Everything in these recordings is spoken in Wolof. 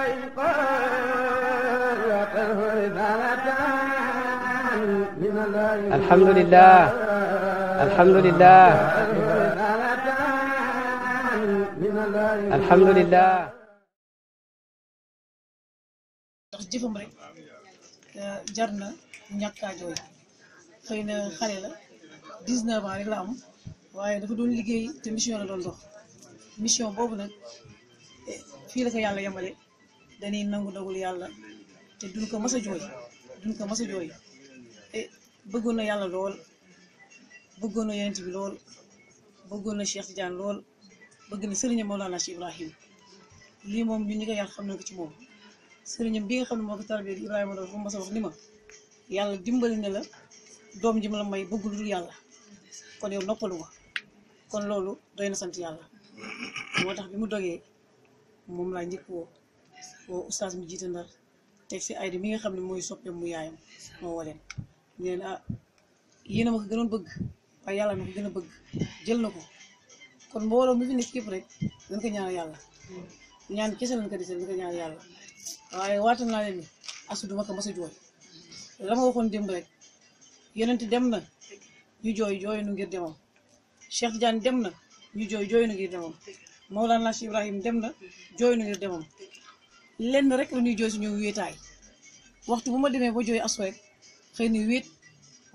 alhamdulilah alhamdulilah alhamdulilah. ndax jëfam rek eh, jar na ñàkkaa jooy xëy na xale la 19 ans rek la am waaye dafa doon liggéey te mission la mission boobu nag eh, fii la ko yàlla yemale. dañuy nangu dogul yàlla te duñ ko mës a jooy duñ ko mës a e na yàlla lool bëggoon na yonent bi lool bëggoon na Cheikh Tidiane lool bëgg na sëriñam Mawlana Cheikh Ibrahim lii moom ñu ñi ko yàlla xam nañ ko ci moom sëriñam bi nga xam ne moo ko tarbiyee di Ibrahima dafa mës a wax yàlla dimbali na la doom ji ma la may bëggul dul yàlla kon yow noppalu kon loolu doy na sant yàlla moo tax bi mu dogee moom laa njëkk woo woo oustaz mi jiite ndar teg si ayda mi nga xam ne mooy soppeem mu yaayam moo woo leen ñu leen ah a ma ko gënoon bëgg waaye yàlla ma ko gën a bëgg jël na ko kon mbooloo mi fi nekk képp rek dañ ko ñaan yàlla ñaan kese lañ ko dese dañ ko ñaan yàlla waaye waatal naa leen ni asu duma ko mas a jooy la ma waxoon démb rek yonent dem na ñu jooy jooy nu ngir demam Cheikh Tidiane dem na ñu jooy jooy nu ngir demam Mawlana Cheikh Ibrahim dem na jooy nu ngir demam lenn rek la ñuy jooy suñu wéetaay waxtu bu ma demee ba jooy aso rek xëy na wéet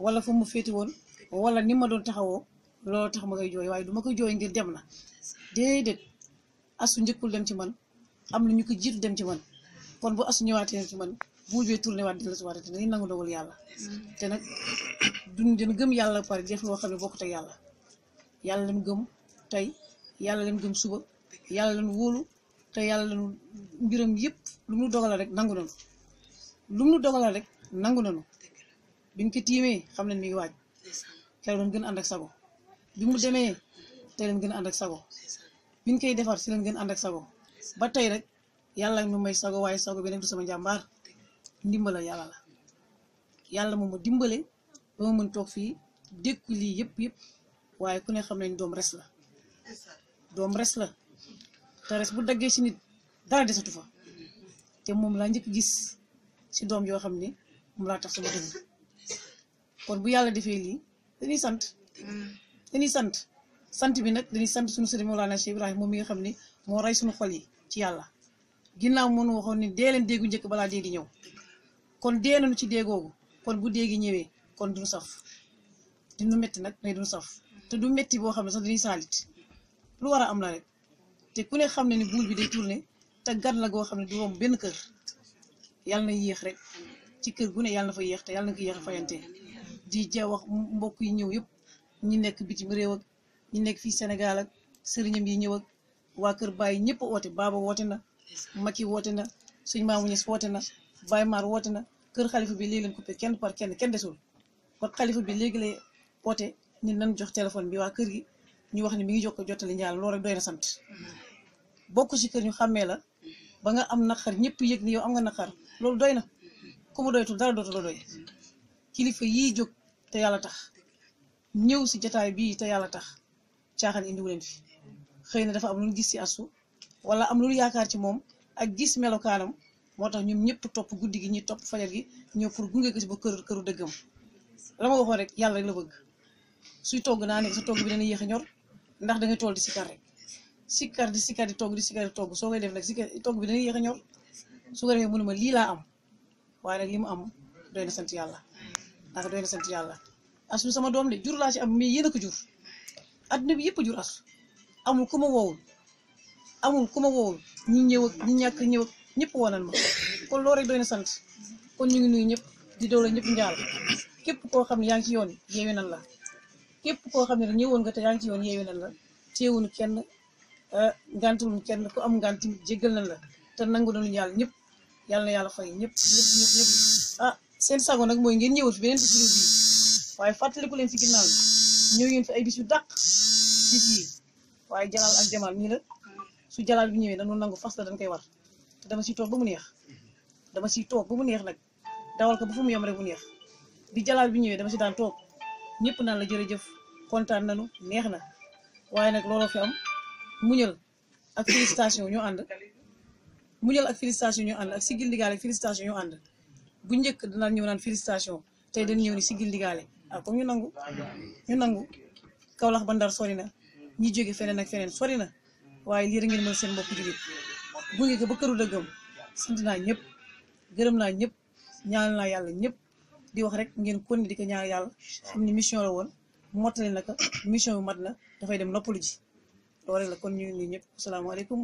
wala fu mu féete woon wala ni ma doon taxawoo looloo tax ma koy jooy waaye du ma koy jooy ngir dem na déedéet asu njëkkul dem ci man am lu ñu ko jiit dem ci man kon bu asu ñëwaatee ci man bu jooy tourné waat di la si waat te dañuy nangu dogal yàlla te nag duñ dina gëm yàlla pare def loo xam ne bokkut ak yàlla yàlla leen gëm tey yàlla leen gëm suba yàlla leen wóolu te yàlla mbiram yëpp lu mu dogalal rek nangu nañu lu mu dogalal rek nangu nañu biñ ko tiimee xam nañ mi ngi waaj keroog dañ gën ànd ak sago bi mu demee tey lañ gën a ànd ak sago biñ koy defar si lañ gën ànd ak sago ba tey rek yàlla nu may sago waaye sago bi nag du sama jàmbaar ndimbala yàlla la yàlla moom ma dimbale ba ma mën toog fii dékku lii yëpp yëpp waaye ku ne xam nañ doom res la doom res la dares bu daggee ci nit dara desatu fa te moom laa njëkk gis ci doom yoo xam ne moom laa tax sama dëgg kon bu yàlla defee lii dañuy sant dañuy sant sant bi nag dañuy sant suñu sëriñ Mawlana Cheikh Ibrahima moom mi nga xam ne moo rey suñu xol yi ci yàlla ginnaaw moonu waxoon ni dee leen njëkk balaa dee di ñëw kon dee nañu ci déegoogu kon bu déegi ñëwee kon du saf duñu metti nag mais duñu saf te du metti boo xam ne sax dañuy saalit lu war a am na te ku ne xam ne ni buur bi day tourné te gan la goo xam ne du romb benn kër yàlla na yéex rek ci kër gu ne yàlla na fa yéex te yàlla na ko yéex a fayante di jeex wax mbokk yi ñëw yëpp ñi nekk bitim réew ak ñi nekk fii Sénégal ak sëriñam yi ñëw ak waa kër Baye ñëpp a woote Baba woote na Macky woote na suñ maamu Niass woote na Baye Mar woote na kër xalifa bi léegi leen coupé kenn par kenn kenn desul kon xalifa bi léegi lay woote ni nan jox téléphone bi waa kër gi ñu wax ne mi ngi jokk jottali njaal loolu rek doy na sant bokk ci kër ñu xàmmee la ba nga am naqar ñëpp yëg ni yow am nga naqar loolu doy na ku mu doytul dara dootu la doy kilifa yii jóg te yàlla tax ñëw si jataay bii te yàlla tax caaxaan indiwu leen fi xëy na dafa am lu gis si asu wala am lu yaakaar ci moom ak gis melokaanam moo tax ñoom ñëpp topp guddi gi ñi topp fajar gi ñëw pour gunge ko si ba kër këru dëggam la ma waxoon rek yàlla rek la bëgg suy togg naa ne sa togg bi dana yéex a ñor ndax da nga tool di si kar sikkar di sikkar di togg di sikkar di togg soo koy def nag sikkar togg bi dana yéex a ñor su ko defee mu ma lii laa am waaye nag li mu am doy na sant yàlla ndax doy na sant yàlla asu sama doom de jur laa ci am mais yéen a ko jur adduna bi yëpp jur asu amul ku ma woowul amul ku ma woowul ñi ñëw ak ñi ñàkk ñëw ak ñëpp woonal ma kon loolu rek doy na sant kon ñu ngi nuyu ñëpp di doole ñëpp njaal képp koo xam ne yaa ngi ci yoon yeewi nan la képp koo xam ne ñëwoon nga te yaa ngi yoon yeewi la téewuñu kenn Euh, gàntawuñ kenn ku am ngànt jéggal na la te nangu nañu yàlla ñëpp yàlla yàlla fay ñëpp ñëpp ñëpp ñëpp ah, seen sago nag mooy ngeen ñëwat fi beneen ci kuréel bii leen fi ginnaaw ñëw ay bis yu dàq ci yi waaye jalaal ak jamaal ñii la su jalaal bi ñëwee dañoo nangu fas la dañ koy war dama siy toog ba mu neex dama siy toog mu neex nag dawal ko ba fu yem rek mu neex bi jalaal bi ñëwee dama si daan toog ñëpp naan la jërëjëf kontaan nañu neex na waaye nag looloo fi am muñal ak félicitation ñu ànd muñal ak félicitation ñoo ànd ak sigil ndigaale ak félicitation ñoo ànd bu njëkk danaan ñëw naan félicitation tey dañ ñëw ni sigil ndigaale ah comme ñu nangu ñu nangu Kawlax ba Ndar sori na ñi jóge feneen ak feneen sori na waaye lii rek ngeen mën seen mbokku jullit gunge ko ba këru dëggam sant naa ñëpp gërëm naa ñëpp ñaan naa yàlla ñëpp di wax rek ngeen kon di ko ñaan yàlla xam ni mission la woon mottali na ko mission bi mat na dafay dem noppalu ji loolu rek kon ñu ngi nuyu ñëpp asalaamaaleykum.